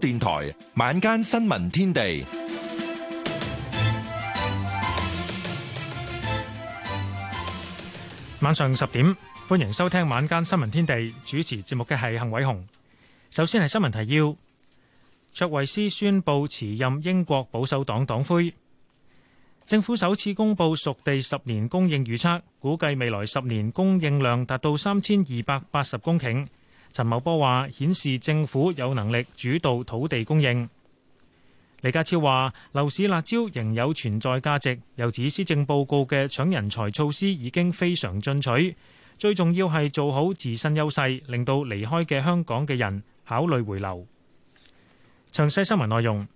電台晚間新聞天地，晚上十點，歡迎收聽晚間新聞天地。主持節目嘅係幸偉雄。首先係新聞提要：卓惠斯宣布辭任英國保守黨黨魁。政府首次公布屬地十年供應預測，估計未來十年供應量達到三千二百八十公頃。陳茂波話：顯示政府有能力主導土地供應。李家超話：樓市辣招仍有存在價值。又指施政報告嘅搶人才措施已經非常進取。最重要係做好自身優勢，令到離開嘅香港嘅人考慮回流。詳細新聞內容：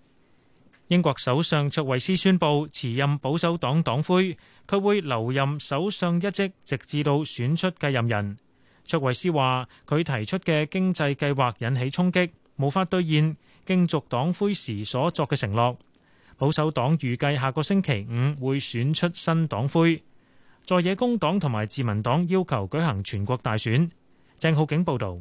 英國首相卓慧思宣布辭任保守黨黨魁，佢會留任首相一職，直至到選出繼任人。卓慧思話：佢提出嘅經濟計劃引起衝擊，無法兌現競逐黨魁時所作嘅承諾。保守黨預計下個星期五會選出新黨魁，在野工黨同埋自民黨要求舉行全國大選。鄭浩景報導。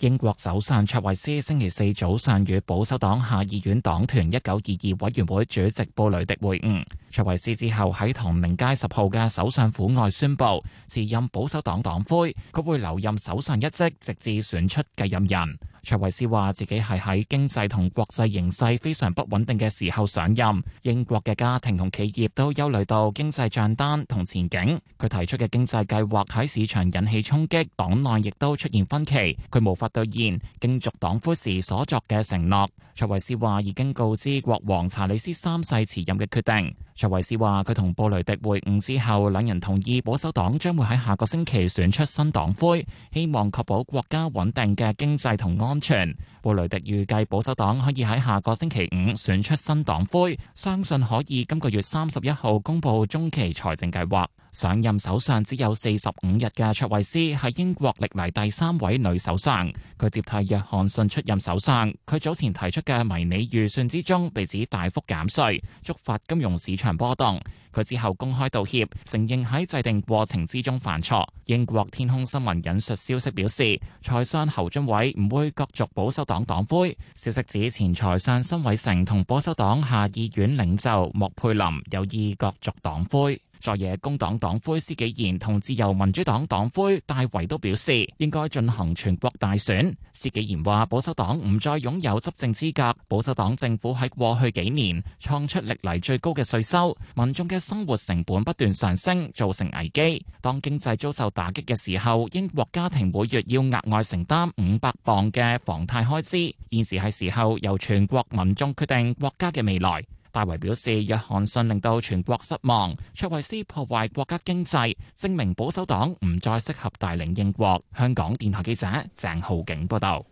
英國首相卓維斯星期四早上與保守黨下議院黨團一九二二委員會主席布雷迪會晤。卓維斯之後喺唐寧街十號嘅首相府外宣布，辭任保守黨黨魁，佢會留任首相一職，直至選出繼任人。卓慧思話：自己係喺經濟同國際形勢非常不穩定嘅時候上任，英國嘅家庭同企業都憂慮到經濟帳單同前景。佢提出嘅經濟計劃喺市場引起衝擊，黨內亦都出現分歧。佢無法兌現競逐黨魁時所作嘅承諾。卓慧思話已經告知國王查理斯三世辭任嘅決定。卓慧思話：佢同布雷迪會晤之後，兩人同意保守黨將會喺下個星期選出新黨魁，希望確保國家穩定嘅經濟同安全。布雷迪預計保守黨可以喺下個星期五選出新黨魁，相信可以今個月三十一號公佈中期財政計劃。上任首相只有四十五日嘅卓慧斯係英國歷嚟第三位女首相，佢接替約翰遜出任首相。佢早前提出嘅迷你預算之中被指大幅減稅，觸發金融市場波動。佢之後公開道歉，承認喺制定過程之中犯錯。英國天空新聞引述消息表示，財相侯俊偉唔會角逐保守黨黨魁。消息指前財相申偉成同保守黨下議院領袖莫佩林有意角逐黨魁。在野工黨黨魁施紀賢同自由民主黨黨魁戴維都表示，應該進行全國大選。施紀賢話：保守黨唔再擁有執政資格，保守黨政府喺過去幾年創出歷嚟最高嘅稅收，民眾嘅生活成本不斷上升，造成危機。當經濟遭受打擊嘅時候，英國家庭每月要額外承擔五百磅嘅房貸開支。現時係時候由全國民眾決定國家嘅未來。戴維表示，約翰遜令到全國失望，卓慧斯破壞國家經濟，證明保守黨唔再適合帶領英國。香港電台記者鄭浩景報道。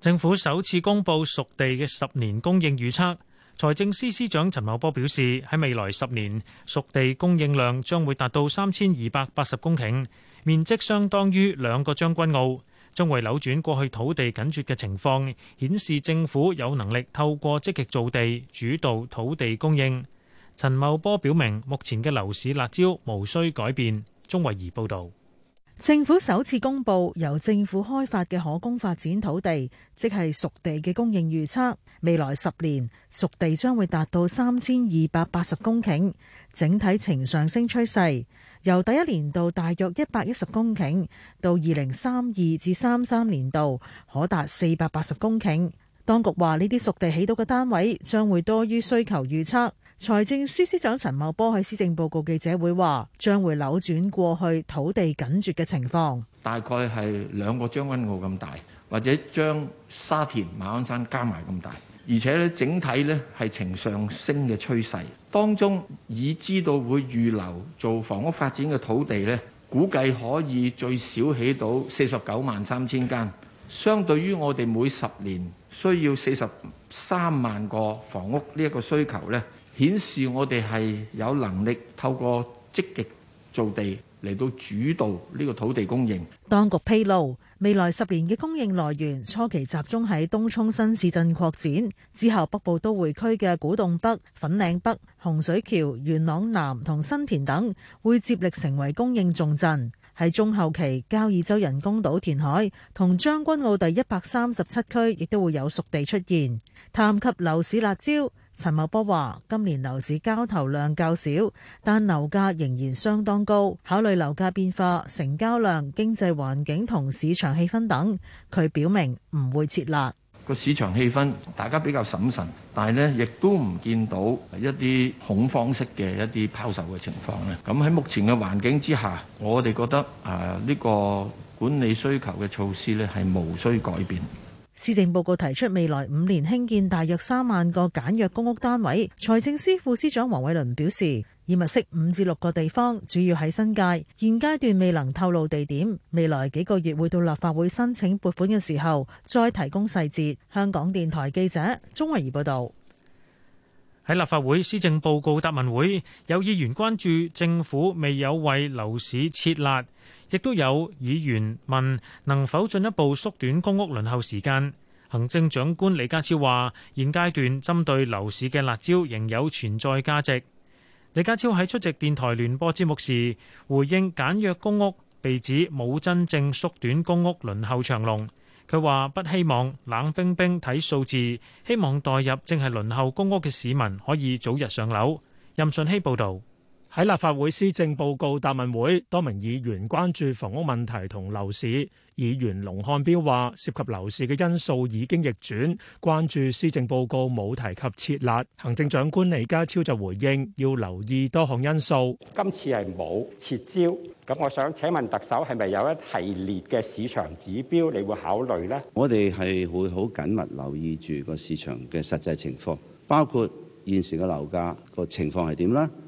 政府首次公布熟地嘅十年供應預測。財政司司長陳茂波表示，喺未來十年，熟地供應量將會達到三千二百八十公頃，面積相當於兩個將軍澳，將為扭轉過去土地緊缺嘅情況，顯示政府有能力透過積極造地，主導土地供應。陳茂波表明，目前嘅樓市辣招無需改變。鐘慧儀報導。政府首次公布由政府開發嘅可供發展土地，即係熟地嘅供應預測。未來十年熟地將會達到三千二百八十公頃，整體呈上升趨勢。由第一年度大約一百一十公頃，到二零三二至三三年度可達四百八十公頃。當局話呢啲熟地起到嘅單位將會多於需求預測。財政司司長陳茂波喺施政報告記者會話，將會扭轉過去土地緊絀嘅情況，大概係兩個將軍澳咁大，或者將沙田、馬鞍山加埋咁大，而且咧，整體咧係呈上升嘅趨勢。當中已知道會預留做房屋發展嘅土地咧，估計可以最少起到四十九萬三千間。相對於我哋每十年需要四十三萬個房屋呢一個需求咧。顯示我哋係有能力透過積極造地嚟到主導呢個土地供應。當局披露，未來十年嘅供應來源初期集中喺東涌新市鎮擴展，之後北部都會區嘅古洞北、粉嶺北、洪水橋、元朗南同新田等會接力成為供應重鎮。喺中後期，交椅洲人工島填海同將軍澳第一百三十七區亦都會有熟地出現。探及樓市辣招。陳茂波話，今年樓市交投量較少，但樓價仍然相當高。考慮樓價變化、成交量、經濟環境同市場氣氛等，佢表明唔會撤辣。個市場氣氛大家比較審慎，但係呢亦都唔見到一啲恐慌式嘅一啲拋售嘅情況咧。咁喺目前嘅環境之下，我哋覺得誒呢個管理需求嘅措施呢係無需改變。施政報告提出未來五年興建大約三萬個簡約公屋單位。財政司副司長黃偉綸表示，已物色五至六個地方，主要喺新界。現階段未能透露地點，未來幾個月會到立法會申請撥款嘅時候再提供細節。香港電台記者鍾慧儀報道。喺立法會施政報告答問會，有議員關注政府未有為樓市設立。亦都有議員問能否進一步縮短公屋輪候時間。行政長官李家超話：現階段針對樓市嘅辣招仍有存在價值。李家超喺出席電台聯播節目時，回應簡約公屋被指冇真正縮短公屋輪候長龍，佢話不希望冷冰冰睇數字，希望代入正係輪候公屋嘅市民可以早日上樓。任信希報導。喺立法會施政報告答問會，多名議員關注房屋問題同樓市。議員龍漢標話：涉及樓市嘅因素已經逆轉，關注施政報告冇提及設立。行政長官李家超就回應：要留意多項因素。今次係冇撤招，咁我想請問特首係咪有一系列嘅市場指標，你會考慮呢？我哋係會好緊密留意住個市場嘅實際情況，包括現時嘅樓價個情況係點啦。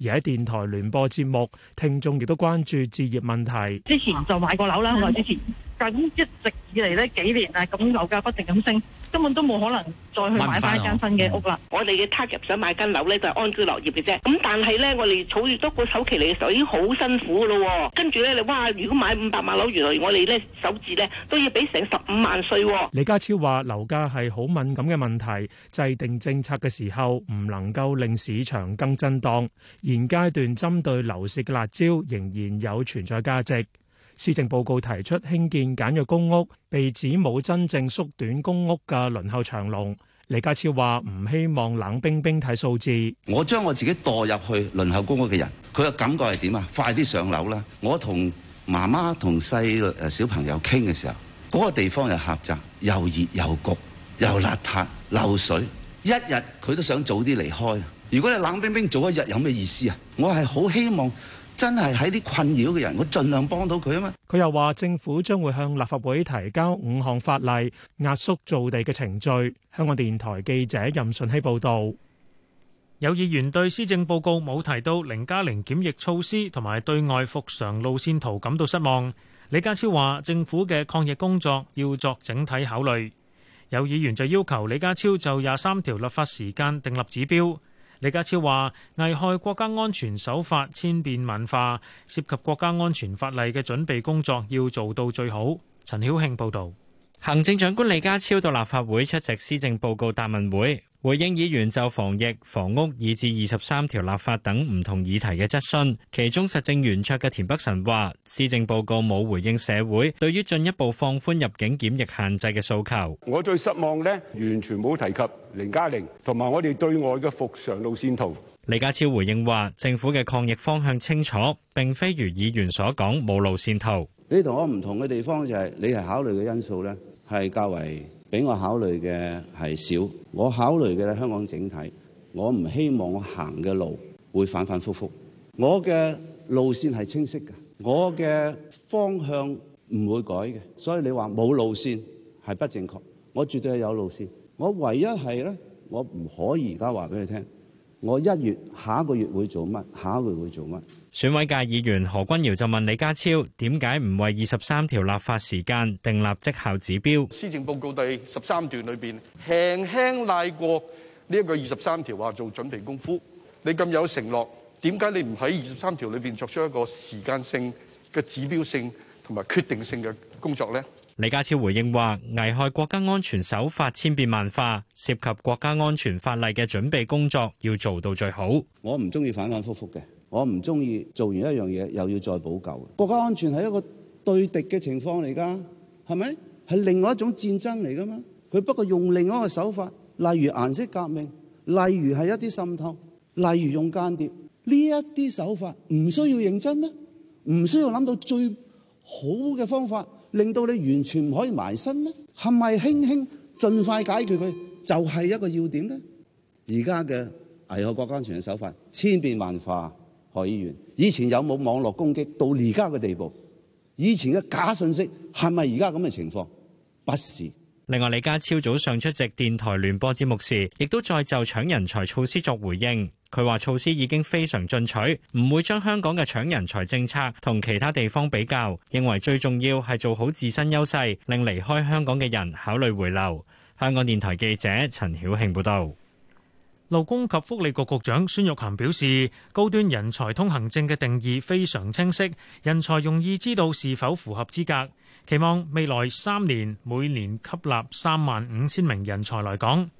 而喺電台聯播節目，聽眾亦都關注置業問題。之前就買過樓啦，好耐之前。咁一直以嚟呢幾年啊，咁樓價不停咁升，根本都冇可能再去買翻一間新嘅屋啦。我哋嘅 target 想買間樓呢，就係安居樂業嘅啫。咁但係呢，我哋儲越多個首期嚟嘅時候已經好辛苦咯。跟住呢，你哇，如果買五百萬樓，原來我哋呢首字呢都要俾成十五萬稅。李家超話：樓價係好敏感嘅問題，制定政策嘅時候唔能夠令市場更震盪。現階段針對樓市嘅辣椒仍然有存在價值。施政報告提出興建簡約公屋，被指冇真正縮短公屋嘅輪候長龍。李家超話：唔希望冷冰冰睇數字。我將我自己墮入去輪候公屋嘅人，佢嘅感覺係點啊？快啲上樓啦！我同媽媽同細路、小朋友傾嘅時候，嗰個地方又狹窄，又熱又焗，又邋遢，漏水，一日佢都想早啲離開。如果你冷冰冰早一日，有咩意思啊？我係好希望。真係喺啲困擾嘅人，我盡量幫到佢啊嘛！佢又話政府將會向立法會提交五項法例，壓縮造地嘅程序。香港電台記者任順希報導。有議員對施政報告冇提到零加零檢疫措施同埋對外復常路線圖感到失望。李家超話政府嘅抗疫工作要作整體考慮。有議員就要求李家超就廿三條立法時間訂立指標。李家超話：危害國家安全手法千變萬化，涉及國家安全法例嘅準備工作要做到最好。陳曉慶報導。行政長官李家超到立法會出席施政報告答問會，回應議員就防疫、房屋以至二十三條立法等唔同議題嘅質詢。其中，實政圓桌嘅田北辰話：施政報告冇回應社會對於進一步放寬入境檢疫限制嘅訴求。我最失望呢，完全冇提及零加零，同埋我哋對外嘅復常路線圖。李家超回應話：政府嘅抗疫方向清楚，並非如議員所講冇路線圖。你同我唔同嘅地方就係你係考慮嘅因素咧，係較為比我考慮嘅係少。我考慮嘅咧香港整體，我唔希望我行嘅路會反反复复，我嘅路綫係清晰嘅，我嘅方向唔會改嘅。所以你話冇路綫，係不正確，我絕對係有路綫，我唯一係咧，我唔可以而家話俾你聽。我一月下一個月會做乜？下一個月會做乜？做選委界議員何君堯就問李家超：點解唔為二十三條立法時間訂立績效指標？施政報告第十三段裏邊輕輕賴過呢一個二十三條，話做準備功夫。你咁有承諾，點解你唔喺二十三條裏邊作出一個時間性嘅指標性同埋決定性嘅工作咧？李家超回應話：危害國家安全手法千變萬化，涉及國家安全法例嘅準備工作要做到最好。我唔中意反反复复嘅，我唔中意做完一樣嘢又要再補救。國家安全係一個對敵嘅情況嚟噶，係咪？係另外一種戰爭嚟噶嘛。佢不過用另外一個手法，例如顏色革命，例如係一啲滲透，例如用間諜呢一啲手法，唔需要認真咩？唔需要諗到最好嘅方法。令到你完全唔可以埋身呢，係咪輕輕盡快解決佢就係、是、一個要點呢？而家嘅危害國家安全嘅手法千變萬化，何議員以前有冇網絡攻擊到而家嘅地步？以前嘅假信息係咪而家咁嘅情況？不是。另外，李家超早上出席電台聯播節目時，亦都再就搶人才措施作回應。佢話措施已經非常進取，唔會將香港嘅搶人才政策同其他地方比較，認為最重要係做好自身優勢，令離開香港嘅人考慮回流。香港電台記者陳曉慶報道，勞工及福利局局局長孫玉菡表示，高端人才通行證嘅定義非常清晰，人才容易知道是否符合資格。期望未來三年每年吸納三萬五千名人才來港。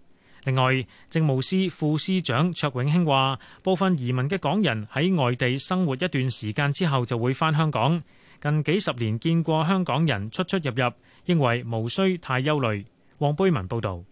另外，政務司副司長卓永興話，部分移民嘅港人喺外地生活一段時間之後就會返香港，近幾十年見過香港人出出入入，認為無需太憂慮。黃貝文報道，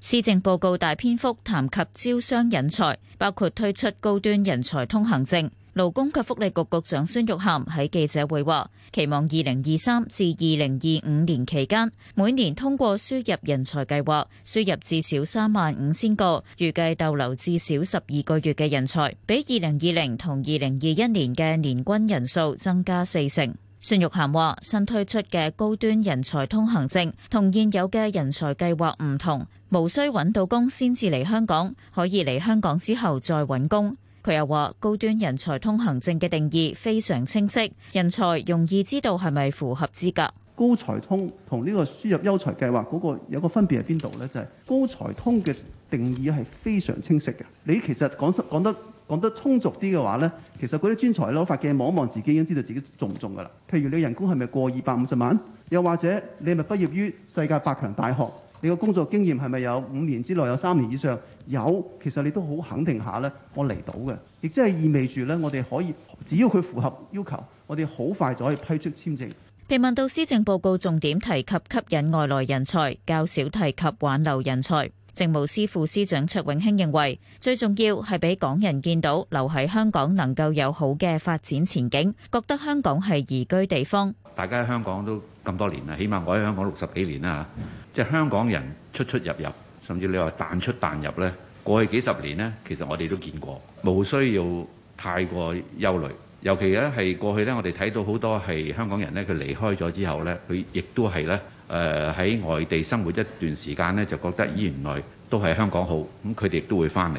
施政報告大篇幅談及招商引才，包括推出高端人才通行證。勞工及福利局局長孫玉菡喺記者會話，期望二零二三至二零二五年期間，每年通過輸入人才計劃輸入至少三萬五千個，預計逗留至少十二個月嘅人才，比二零二零同二零二一年嘅年均人數增加四成。孫玉菡話，新推出嘅高端人才通行證同現有嘅人才計劃唔同，無需揾到工先至嚟香港，可以嚟香港之後再揾工。佢又話：高端人才通行證嘅定義非常清晰，人才容易知道係咪符合資格。高才通同呢個輸入優才計劃嗰個有個分別喺邊度咧？就係、是、高才通嘅定義係非常清晰嘅。你其實講得得講得充足啲嘅話咧，其實嗰啲專才攞法嘅望一望自己已經知道自己中唔中㗎啦。譬如你人工係咪過二百五十萬，又或者你係咪畢業於世界百強大學？你個工作經驗係咪有五年之內有三年以上？有，其實你都好肯定下呢。我嚟到嘅，亦即係意味住呢。我哋可以只要佢符合要求，我哋好快就可以批出簽證。被問到施政報告重點提及吸引外來人才，較少提及挽留人才，政務司副司長卓永興認為最重要係俾港人見到留喺香港能夠有好嘅發展前景，覺得香港係宜居地方。大家喺香港都咁多年啦，起碼我喺香港六十幾年啦。即係香港人出出入入，甚至你話彈出彈入呢，過去幾十年呢，其實我哋都見過，無需要太過憂慮。尤其咧係過去呢，我哋睇到好多係香港人呢，佢離開咗之後呢，佢亦都係呢，誒喺外地生活一段時間呢，就覺得咦，原來都係香港好咁，佢哋亦都會翻嚟。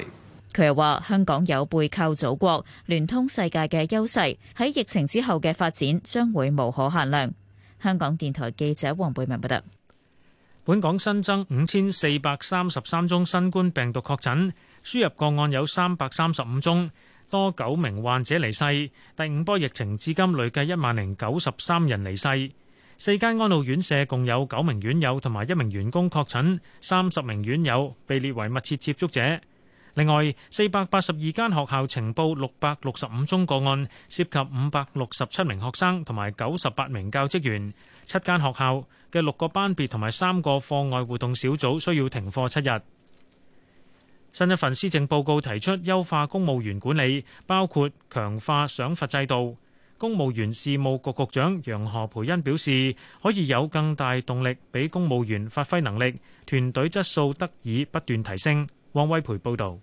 佢又話：香港有背靠祖國、聯通世界嘅優勢，喺疫情之後嘅發展將會無可限量。香港電台記者黃貝文報道。本港新增五千四百三十三宗新冠病毒確診，輸入個案有三百三十五宗，多九名患者離世。第五波疫情至今累計一萬零九十三人離世。四間安老院舍共有九名院友同埋一名員工確診，三十名院友被列為密切接觸者。另外，四百八十二間學校呈報六百六十五宗個案，涉及五百六十七名學生同埋九十八名教職員，七間學校。嘅六個班別同埋三個課外活動小組需要停課七日。新一份施政報告提出優化公務員管理，包括強化賞罰制度。公務員事務局局長楊何培恩表示，可以有更大動力俾公務員發揮能力，團隊質素得以不斷提升。汪威培報導。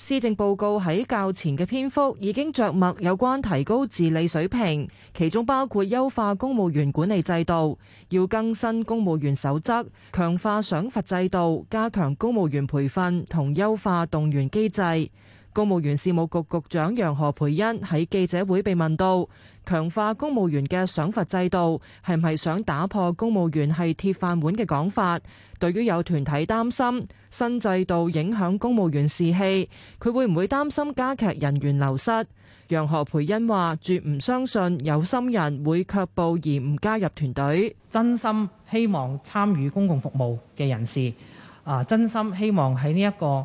施政報告喺較前嘅篇幅已經着墨有關提高治理水平，其中包括優化公務員管理制度，要更新公務員守則，強化賞罰制度，加強公務員培訓同優化動員機制。公務員事務局局長楊何培恩喺記者會被問到，強化公務員嘅賞罰制度係唔係想打破公務員係鐵飯碗嘅講法？對於有團體擔心新制度影響公務員士氣，佢會唔會擔心加劇人員流失？楊何培恩話：絕唔相信有心人會卻步而唔加入團隊。真心希望參與公共服務嘅人士，啊，真心希望喺呢一個。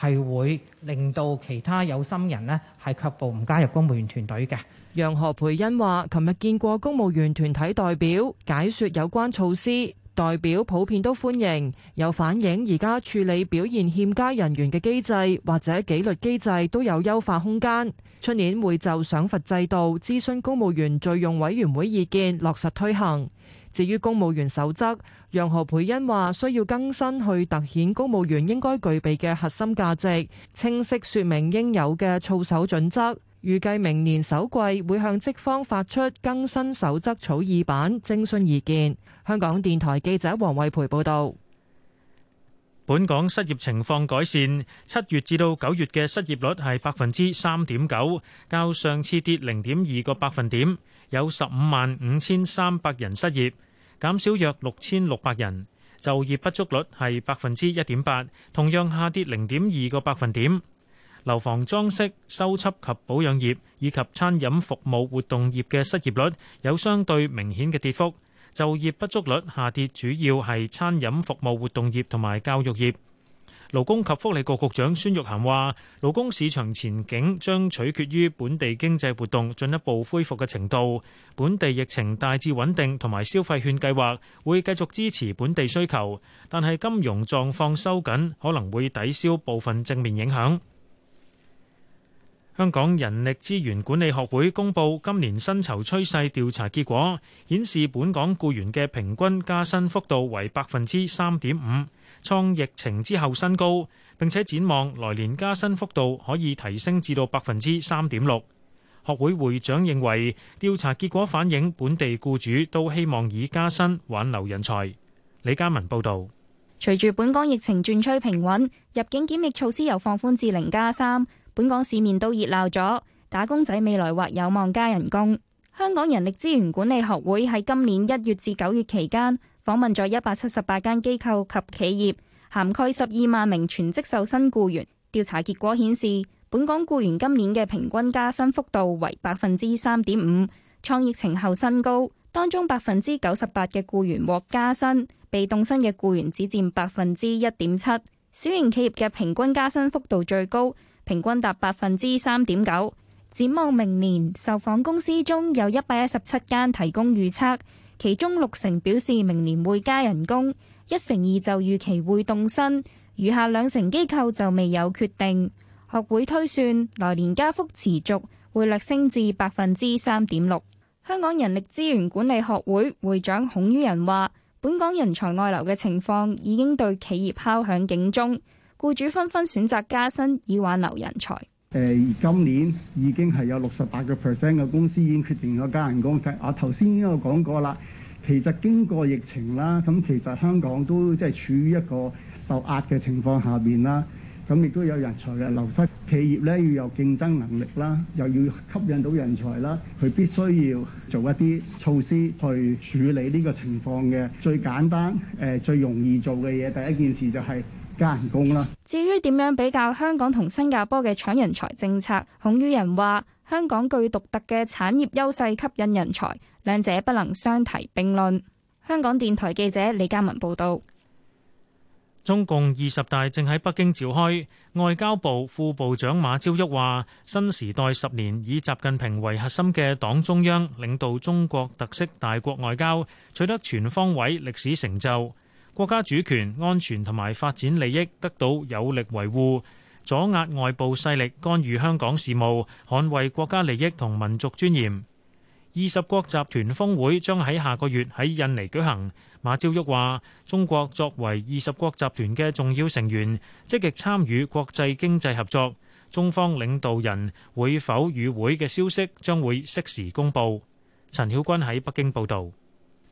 係會令到其他有心人咧係卻步唔加入公務員團隊嘅。楊何培恩話，琴日見過公務員團體代表，解説有關措施，代表普遍都歡迎，有反映而家處理表現欠佳人員嘅機制或者紀律機制都有優化空間。出年會就賞罰制度諮詢公務員再用委員會意見，落實推行。至於公務員守則，楊何蓓茵話需要更新去突顯公務員應該具備嘅核心價值，清晰説明應有嘅操守準則。預計明年首季會向職方發出更新守則草擬版徵詢意見。香港電台記者黃惠培報道。本港失業情況改善，七月至到九月嘅失業率係百分之三點九，較上次跌零點二個百分點。有十五萬五千三百人失業，減少約六千六百人，就業不足率係百分之一點八，同樣下跌零點二個百分點。樓房裝飾、修葺及保養業以及餐飲服務活動業嘅失業率有相對明顯嘅跌幅，就業不足率下跌主要係餐飲服務活動業同埋教育業。勞工及福利局局長孫玉菡話：勞工市場前景將取決於本地經濟活動進一步恢復嘅程度，本地疫情大致穩定同埋消費券計劃會繼續支持本地需求，但係金融狀況收緊，可能會抵消部分正面影響。香港人力資源管理學會公布今年薪酬趨勢調查結果，顯示本港僱員嘅平均加薪幅度為百分之三點五。創疫情之後新高，並且展望來年加薪幅度可以提升至到百分之三點六。學會會長認為調查結果反映本地僱主都希望以加薪挽留人才。李家文報導。隨住本港疫情轉趨平穩，入境檢疫措施又放寬至零加三，3，本港市面都熱鬧咗，打工仔未來或有望加人工。香港人力資源管理學會喺今年一月至九月期間，訪問咗一百七十八間機構及企業，涵蓋十二萬名全職受薪僱員。調查結果顯示，本港僱員今年嘅平均加薪幅度為百分之三點五，創疫情後新高。當中百分之九十八嘅僱員獲加薪，被凍薪嘅僱員只佔百分之一點七。小型企業嘅平均加薪幅度最高，平均達百分之三點九。展望明年，受訪公司中有一百一十七間提供預測。其中六成表示明年會加人工，一成二就預期會凍薪，餘下兩成機構就未有決定。學會推算，來年加幅持續，會略升至百分之三點六。香港人力資源管理學會會，會長孔于仁話，本港人才外流嘅情況已經對企業敲響警鐘，雇主紛紛選擇加薪以挽留人才。誒今年已經係有六十八個 percent 嘅公司已經決定咗加人工費。我頭先已經有講過啦，其實經過疫情啦，咁其實香港都即係處於一個受壓嘅情況下面啦。咁亦都有人才嘅流失，企業咧要有競爭能力啦，又要吸引到人才啦，佢必須要做一啲措施去處理呢個情況嘅。最簡單誒，最容易做嘅嘢，第一件事就係、是。工啦。至於點樣比較香港同新加坡嘅搶人才政策，孔於人話：香港具獨特嘅產業優勢，吸引人才，兩者不能相提並論。香港電台記者李嘉文報道。中共二十大正喺北京召開，外交部副部長馬朝旭話：新時代十年，以習近平為核心嘅黨中央領導中國特色大國外交，取得全方位歷史成就。國家主權、安全同埋發展利益得到有力維護，阻壓外部勢力干預香港事務，捍衛國家利益同民族尊嚴。二十國集團峰會將喺下個月喺印尼舉行。馬朝旭話：中國作為二十國集團嘅重要成員，積極參與國際經濟合作。中方領導人會否與會嘅消息將會適時公佈。陳曉君喺北京報道。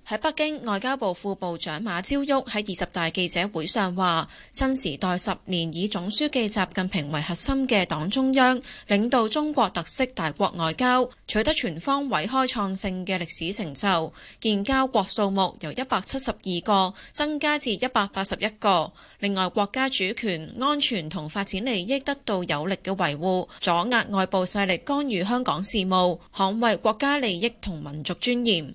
喺北京，外交部副部長馬朝旭喺二十大記者會上話：新時代十年以總書記習近平為核心嘅黨中央領導中國特色大國外交，取得全方位開創性嘅歷史成就。建交國數目由一百七十二個增加至一百八十一個。另外，國家主權、安全同發展利益得到有力嘅維護，阻壓外部勢力干預香港事務，捍衛國家利益同民族尊嚴。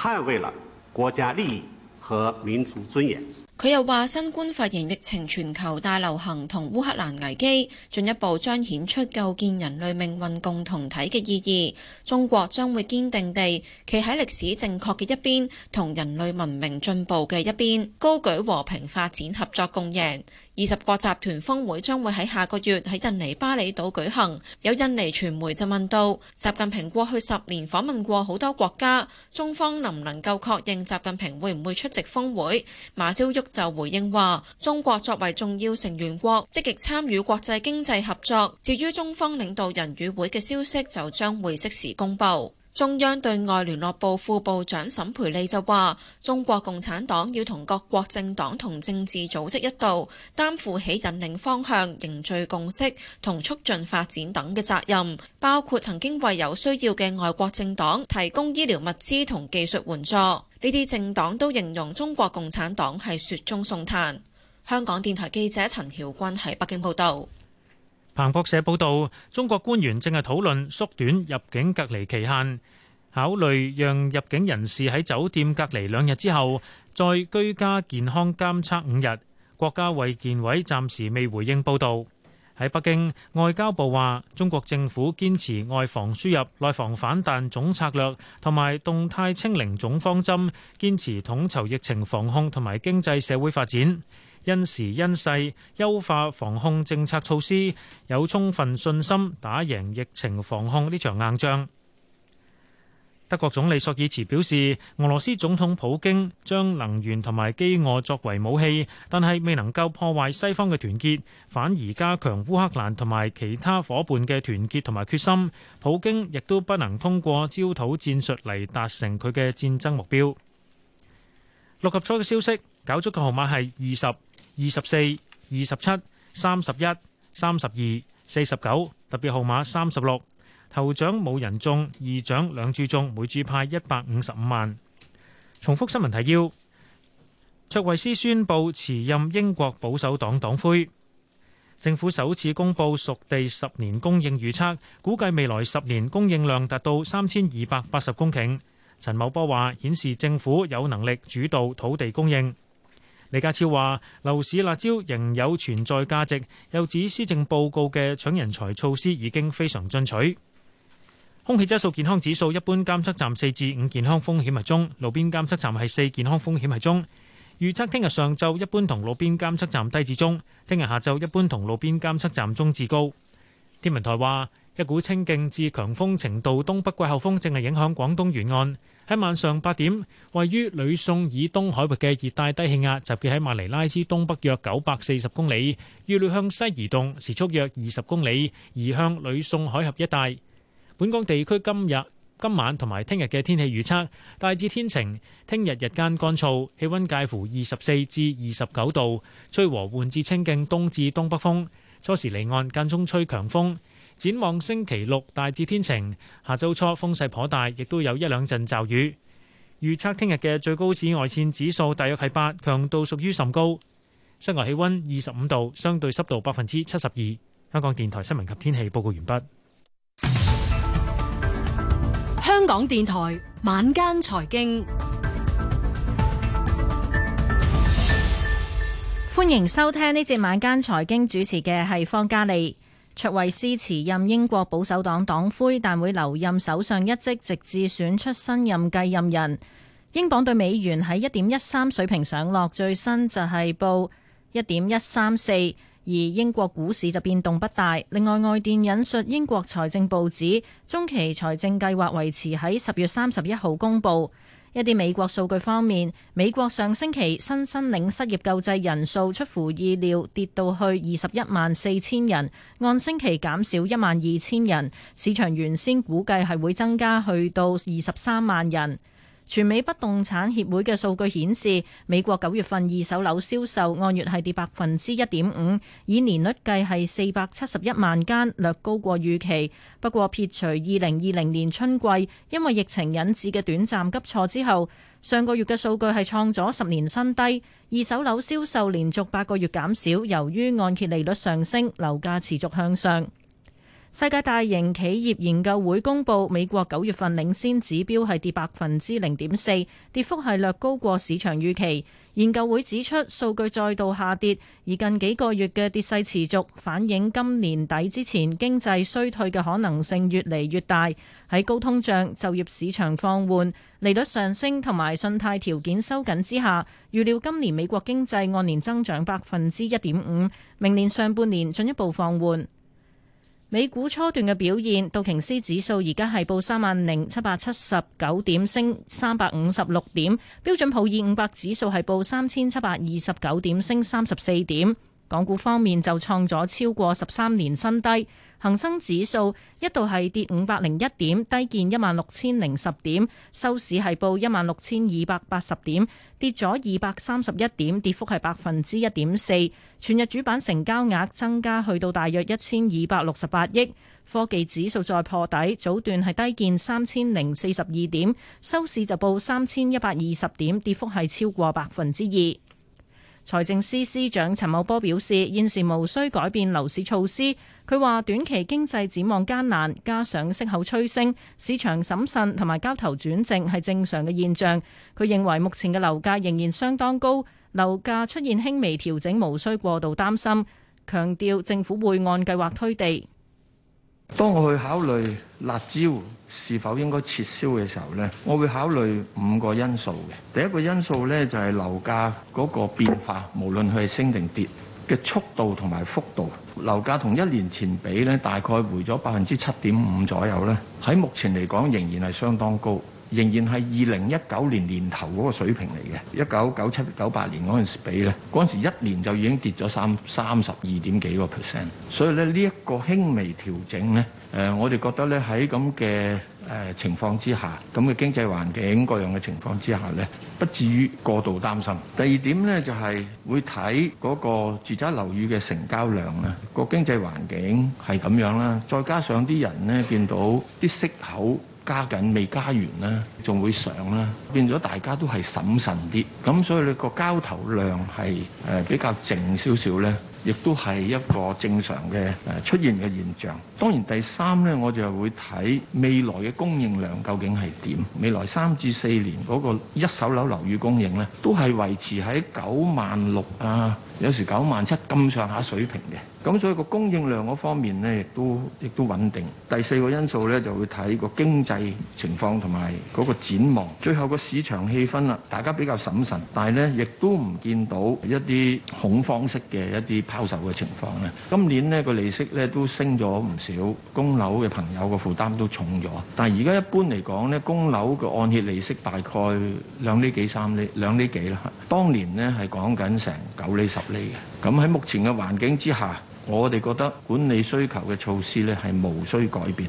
捍衛了國家利益和民族尊嚴。佢又話，新冠肺炎疫情全球大流行同烏克蘭危機，進一步彰顯出構建人類命運共同體嘅意義。中國將會堅定地企喺歷史正確嘅一邊，同人類文明進步嘅一邊，高舉和平發展、合作共贏。二十國集團峰會將會喺下個月喺印尼巴厘島舉行，有印尼傳媒就問到，習近平過去十年訪問過好多國家，中方能唔能夠確認習近平會唔會出席峰會？馬朝旭就回應話，中國作為重要成員國，積極參與國際經濟合作，至於中方領導人與會嘅消息，就將會適時公佈。中央對外聯絡部副部長沈培利就話：中國共產黨要同各國政黨同政治組織一道，擔負起引領方向、凝聚共識同促進發展等嘅責任，包括曾經為有需要嘅外國政黨提供醫療物資同技術援助。呢啲政黨都形容中國共產黨係雪中送炭。香港電台記者陳曉君喺北京報道。彭博社報道，中國官員正係討論縮短入境隔離期限，考慮讓入境人士喺酒店隔離兩日之後，再居家健康監測五日。國家衛健委暫時未回應報道。喺北京，外交部話，中國政府堅持外防輸入、內防反彈總策略，同埋動態清零總方針，堅持統籌疫情防控同埋經濟社會發展。因時因勢優化防控政策措施，有充分信心打贏疫情防控呢場硬仗。德國總理朔爾茨表示，俄羅斯總統普京將能源同埋饑餓作為武器，但係未能夠破壞西方嘅團結，反而加強烏克蘭同埋其他伙伴嘅團結同埋決心。普京亦都不能通過焦土戰術嚟達成佢嘅戰爭目標。六合彩嘅消息，攪出嘅號碼係二十、二十四、二十七、三十一、三十二、四十九，特別號碼三十六。頭獎冇人中，二獎兩注中，每注派一百五十五萬。重複新聞提要：卓慧斯宣布辭任英國保守黨黨魁。政府首次公佈屬地十年供應預測，估計未來十年供應量達到三千二百八十公頃。陳茂波話顯示政府有能力主導土地供應。李家超話樓市辣招仍有存在價值，又指施政報告嘅搶人才措施已經非常進取。空氣質素健康指數一般監測站四至五健康風險係中，路邊監測站係四健康風險係中。預測聽日上晝一般同路邊監測站低至中，聽日下晝一般同路邊監測站中至高。天文台話。一股清勁至強風程度東北季候風正係影響廣東沿岸。喺晚上八點，位於呂宋以東海域嘅熱帶低氣壓集結喺馬尼拉之東北約九百四十公里，預料向西移動，時速約二十公里，移向呂宋海峽一帶。本港地區今日、今晚同埋聽日嘅天氣預測大致天晴，聽日日間乾燥，氣溫介乎二十四至二十九度，吹和緩至清勁東至東北風，初時離岸，間中吹強風。展望星期六，大致天晴。下周初風勢頗大，亦都有一兩陣驟雨。預測聽日嘅最高紫外線指數大約係八，強度屬於甚高。室外氣溫二十五度，相對濕度百分之七十二。香港電台新聞及天氣報告完畢。香港電台晚間財經，歡迎收聽呢節晚間財經，主持嘅係方嘉莉。卓慧思辭任英國保守黨黨魁，但會留任首相一職，直至選出新任繼任人。英鎊對美元喺一點一三水平上落，最新就係報一點一三四，而英國股市就變動不大。另外，外電引述英國財政部指，中期財政計劃維持喺十月三十一號公佈。一啲美國數據方面，美國上星期新申領失業救濟人數出乎意料跌到去二十一萬四千人，按星期減少一萬二千人。市場原先估計係會增加去到二十三萬人。全美不動產協會嘅數據顯示，美國九月份二手樓銷售按月係跌百分之一點五，以年率計係四百七十一萬間，略高過預期。不過撇除二零二零年春季因為疫情引致嘅短暫急挫之後，上個月嘅數據係創咗十年新低。二手樓銷售連續八個月減少，由於按揭利率上升，樓價持續向上。世界大型企業研究會公佈，美國九月份領先指標係跌百分之零點四，跌幅係略高過市場預期。研究會指出，數據再度下跌，而近幾個月嘅跌勢持續，反映今年底之前經濟衰退嘅可能性越嚟越大。喺高通脹、就業市場放緩、利率上升同埋信貸條件收緊之下，預料今年美國經濟按年增長百分之一點五，明年上半年進一步放緩。美股初段嘅表現，道瓊斯指數而家係報三萬零七百七十九點，升三百五十六點；標準普爾五百指數係報三千七百二十九點，升三十四點。港股方面就創咗超過十三年新低。恒生指數一度係跌五百零一點，低見一萬六千零十點，收市係報一萬六千二百八十點，跌咗二百三十一點，跌幅係百分之一點四。全日主板成交額增加去到大約一千二百六十八億。科技指數再破底，早段係低見三千零四十二點，收市就報三千一百二十點，跌幅係超過百分之二。財政司司長陳茂波表示，現時無需改變樓市措施。佢話短期經濟展望艱難，加上息口趨升，市場審慎同埋交投轉正係正常嘅現象。佢認為目前嘅樓價仍然相當高，樓價出現輕微調整，無需過度擔心。強調政府會按計劃推地。當我去考慮辣招是否應該撤銷嘅時候呢，我會考慮五個因素嘅。第一個因素呢，就係樓價嗰個變化，無論佢係升定跌嘅速度同埋幅度。樓價同一年前比呢，大概回咗百分之七點五左右呢，喺目前嚟講，仍然係相當高。仍然係二零一九年年頭嗰個水平嚟嘅，一九九七九八年嗰陣時比咧，嗰陣時一年就已經跌咗三三十二點幾個 percent，所以咧呢一個輕微調整咧，誒我哋覺得咧喺咁嘅誒情況之下，咁嘅經濟環境各樣嘅情況之下咧，不至於過度擔心。第二點咧就係會睇嗰個住宅樓宇嘅成交量啦，個經濟環境係咁樣啦，再加上啲人咧見到啲息口。加緊未加完啦，仲會上啦，變咗大家都係審慎啲，咁所以你個交投量係、呃、比較靜少少咧，亦都係一個正常嘅、呃、出現嘅現象。當然第三呢，我就會睇未來嘅供應量究竟係點。未來三至四年嗰個一手樓樓宇供應呢，都係維持喺九萬六啊，有時九萬七咁上下水平嘅。咁所以個供應量嗰方面呢，亦都亦都穩定。第四個因素呢，就會睇個經濟情況同埋嗰個展望。最後個市場氣氛啦，大家比較審慎，但係呢，亦都唔見到一啲恐慌式嘅一啲拋售嘅情況呢。今年呢個利息呢，都升咗唔少。少供樓嘅朋友嘅負擔都重咗，但係而家一般嚟講咧，供樓嘅按揭利息大概兩厘幾三厘兩厘幾啦。當年咧係講緊成九厘十厘嘅。咁喺目前嘅環境之下，我哋覺得管理需求嘅措施咧係無需改變。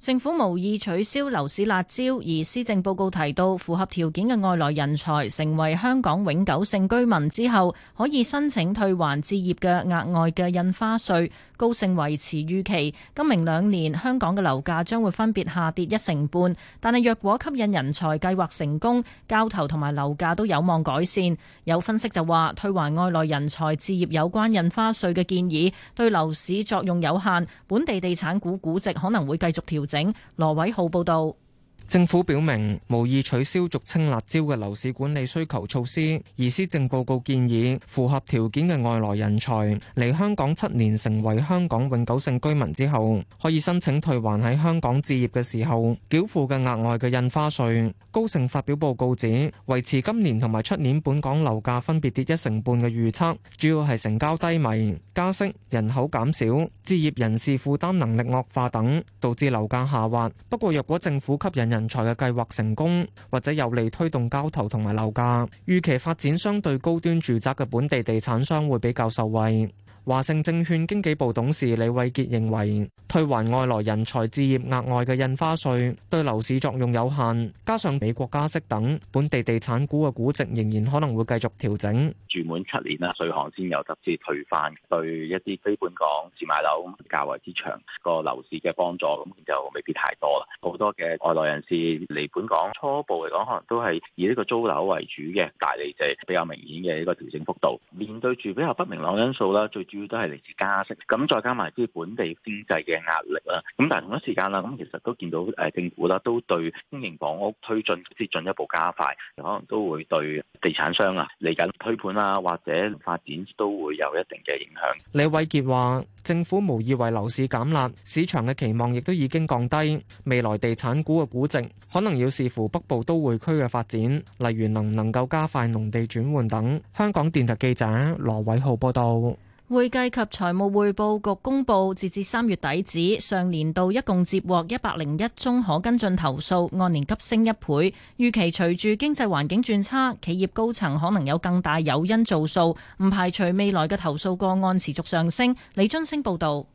政府無意取消樓市辣招，而施政報告提到，符合條件嘅外來人才成為香港永久性居民之後，可以申請退還置業嘅額外嘅印花稅。高盛維持預期，今明兩年香港嘅樓價將會分別下跌一成半，但係若果吸引人才計劃成功，交投同埋樓價都有望改善。有分析就話，退還外來人才置業有關印花稅嘅建議對樓市作用有限，本地地產股估值可能會繼續調整。羅偉浩報道。政府表明無意取消俗稱辣椒嘅樓市管理需求措施，而施政報告建議符合條件嘅外來人才嚟香港七年成為香港永久性居民之後可以申請退還喺香港置業嘅時候繳付嘅額外嘅印花稅。高盛發表報告指，維持今年同埋出年本港樓價分別跌一成半嘅預測，主要係成交低迷、加息、人口減少、置業人士負擔能力惡化等，導致樓價下滑。不過若果政府吸引人人才嘅計劃成功，或者有利推動交投同埋樓價，預期發展相對高端住宅嘅本地地產商會比較受惠。華盛證券經紀部董事李慧杰認為，退還外來人才置業額外嘅印花稅對樓市作用有限，加上美國加息等，本地地產股嘅估值仍然可能會繼續調整。住滿七年啦，稅項先有得先退翻，對一啲非本港自買樓較為之長個樓市嘅幫助，咁就未必太多啦。好多嘅外來人士嚟本港，初步嚟講可能都係以呢個租樓為主嘅，大利就係比較明顯嘅一個調整幅度。面對住比較不明朗因素啦，最主要都係嚟自加息，咁再加埋啲本地經濟嘅壓力啦。咁但係同一時間啦，咁其實都見到誒政府啦，都對公營房屋推進即進一步加快，可能都會對地產商啊嚟緊推盤啊或者發展都會有一定嘅影響。李偉杰話，政府無意為樓市減辣，市場嘅期望亦都已經降低。未來地產股嘅估值可能要視乎北部都會區嘅發展，例如能唔能夠加快農地轉換等。香港電台記者羅偉浩報道。會計及財務匯報局公佈，截至三月底止，上年度一共接獲一百零一宗可跟進投訴，按年急升一倍。預期隨住經濟環境轉差，企業高層可能有更大誘因造數，唔排除未來嘅投訴個案持續上升。李津升報道。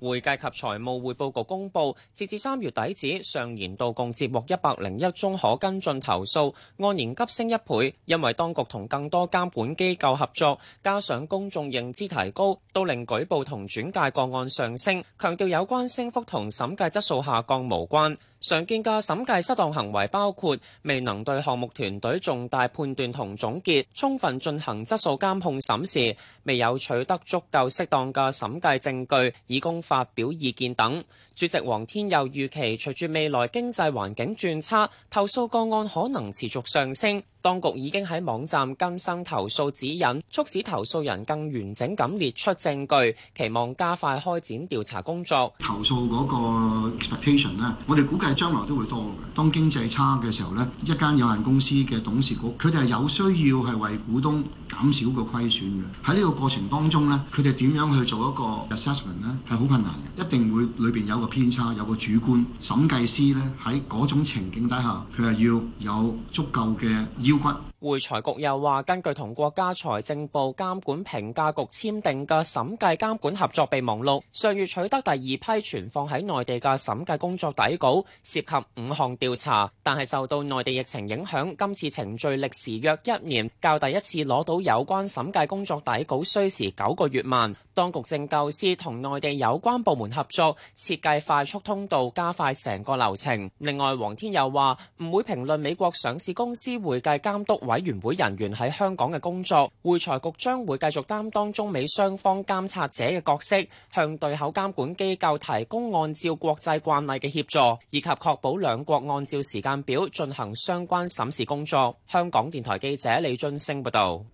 會計及財務匯報局公佈，截至三月底止，上年度共接獲一百零一宗可跟進投訴，按年急升一倍，因為當局同更多監管機構合作，加上公眾認知提高，都令舉報同轉介個案上升。強調有關升幅同審計質素下降無關。常見嘅審計失當行為包括未能對項目團隊重大判斷同總結充分進行質素監控審視，未有取得足夠適當嘅審計證據以供發表意見等。主席黃天佑預期，隨住未來經濟環境轉差，投訴個案可能持續上升。當局已經喺網站更新投訴指引，促使投訴人更完整咁列出證據，期望加快開展調查工作。投訴嗰個 petition 呢，我哋估計將來都會多嘅。當經濟差嘅時候呢，一間有限公司嘅董事局，佢哋係有需要係為股東減少個虧損嘅。喺呢個過程當中呢，佢哋點樣去做一個 assessment 呢？係好困難嘅，一定會裏邊有。偏差，有個主觀審計師咧，喺嗰種情境底下，佢係要有足夠嘅腰骨。會財局又話，根據同國家財政部監管評價局簽訂嘅審計監管合作備忘錄，上月取得第二批存放喺內地嘅審計工作底稿，涉及五項調查。但係受到內地疫情影響，今次程序歷時約一年，較第一次攞到有關審計工作底稿需時九個月慢。當局正構思同內地有關部門合作，設計快速通道，加快成個流程。另外，黃天佑話唔會評論美國上市公司會計監督委。委員會人員喺香港嘅工作，會財局將會繼續擔當中美雙方監察者嘅角色，向對口監管機構提供按照國際慣例嘅協助，以及確保兩國按照時間表進行相關審視工作。香港電台記者李俊升報道。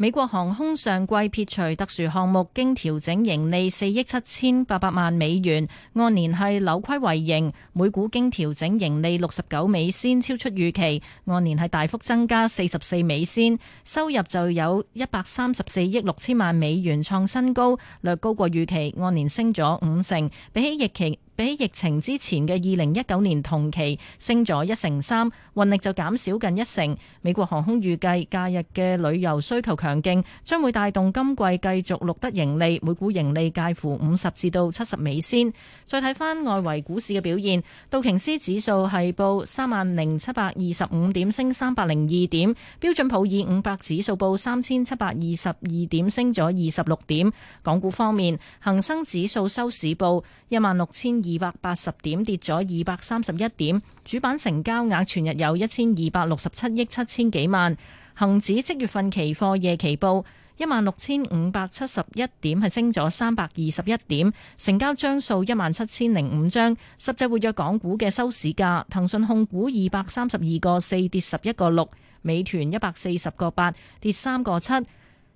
美國航空上季撇除特殊項目，經調整盈利四億七千八百萬美元，按年係扭虧為盈，每股經調整盈利六十九美仙，超出預期，按年係大幅增加四十四美仙，收入就有一百三十四億六千萬美元，創新高，略高過預期，按年升咗五成，比起疫期，比起疫情之前嘅二零一九年同期升咗一成三，運力就減少近一成。美國航空預計假日嘅旅遊需求強勁，將會帶動今季繼續錄得盈利，每股盈利介乎五十至到七十美仙。再睇翻外圍股市嘅表現，道瓊斯指數係報三萬零七百二十五點，升三百零二點；標準普爾五百指數報三千七百二十二點，升咗二十六點。港股方面，恒生指數收市報一萬六千二。二百八十點跌咗二百三十一點，主板成交額全日有一千二百六十七億七千幾萬。恒指即月份期貨夜期報一萬六千五百七十一點，係升咗三百二十一點，成交張數一萬七千零五張。十隻活躍港股嘅收市價，騰訊控股二百三十二個四跌十一個六，美團一百四十個八跌三個七。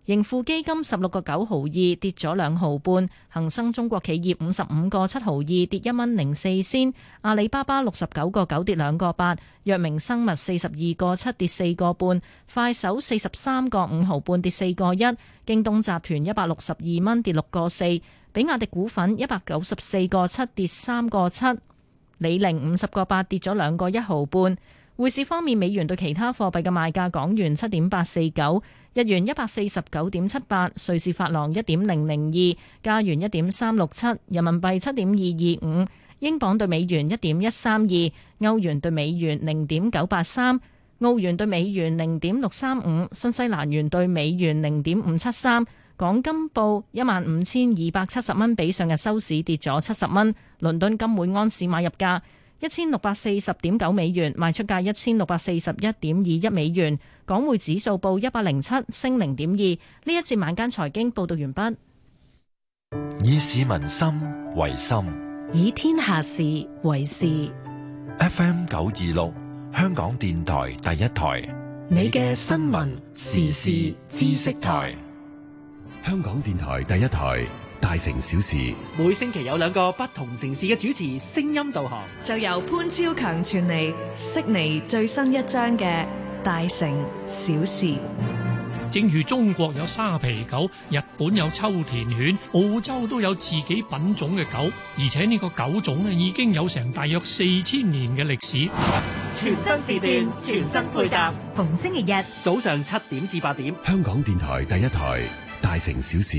盈富基金十六個九毫二跌咗兩毫半，恒生中國企業五十五個七毫二跌一蚊零四仙，阿里巴巴六十九個九跌兩個八，藥明生物四十二個七跌四個半，快手四十三個五毫半跌四個一，京東集團一百六十二蚊跌六個四，比亞迪股份一百九十四個七跌三個七，李寧五十個八跌咗兩個一毫半。匯市方面，美元對其他貨幣嘅賣價，港元七點八四九。日元一百四十九點七八，瑞士法郎一點零零二，加元一點三六七，人民幣七點二二五，英鎊對美元一點一三二，歐元對美元零點九八三，澳元對美元零點六三五，新西蘭元對美元零點五七三。港金報一萬五千二百七十蚊，比上日收市跌咗七十蚊。倫敦金每盎司買入價，一千六百四十點九美元，賣出價一千六百四十一點二一美元。港匯指數報 7, 一百零七，升零點二。呢一節晚間財經報道完畢。以市民心為心，以天下事為事。FM 九二六，香港電台第一台。你嘅新聞時事知識台，香港電台第一台。大城小事，每星期有兩個不同城市嘅主持聲音導航，就由潘超強傳嚟悉尼最新一章嘅大城小事。正如中國有沙皮狗，日本有秋田犬，澳洲都有自己品種嘅狗，而且呢個狗種啊已經有成大約四千年嘅歷史。全新時段，全新配搭，逢星期日早上七點至八點，香港電台第一台《大城小事》。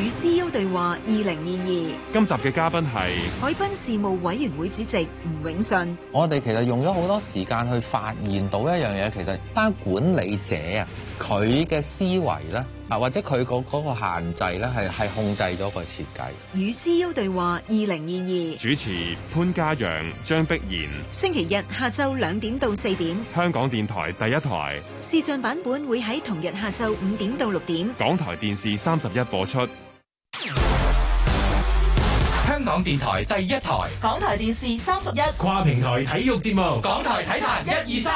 與 CEO 對話二零二二，今集嘅嘉賓係海濱事務委員會主席吳永信。我哋其實用咗好多時間去發現到一樣嘢，其實班管理者啊，佢嘅思維咧，啊或者佢嗰個限制咧，係係控制咗個設計。與 CEO 對話二零二二，主持潘嘉陽、張璧賢。星期日下晝兩點到四點，香港電台第一台視像版本會喺同日下晝五點到六點，港台電視三十一播出。電台第一台，港台電視三十一，跨平台體育節目，港台體壇一二三，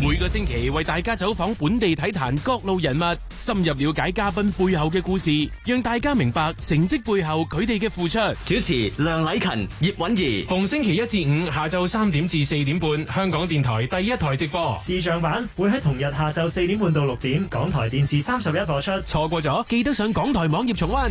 每個星期為大家走訪本地體壇各路人物，深入了解嘉賓背後嘅故事，讓大家明白成績背後佢哋嘅付出。主持梁禮勤、葉允儀，逢星期一至五下晝三點至四點半，香港電台第一台直播，視像版會喺同日下晝四點半到六點，港台電視三十一播出，錯過咗記得上港台網頁重溫。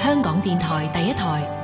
香港電台第一台。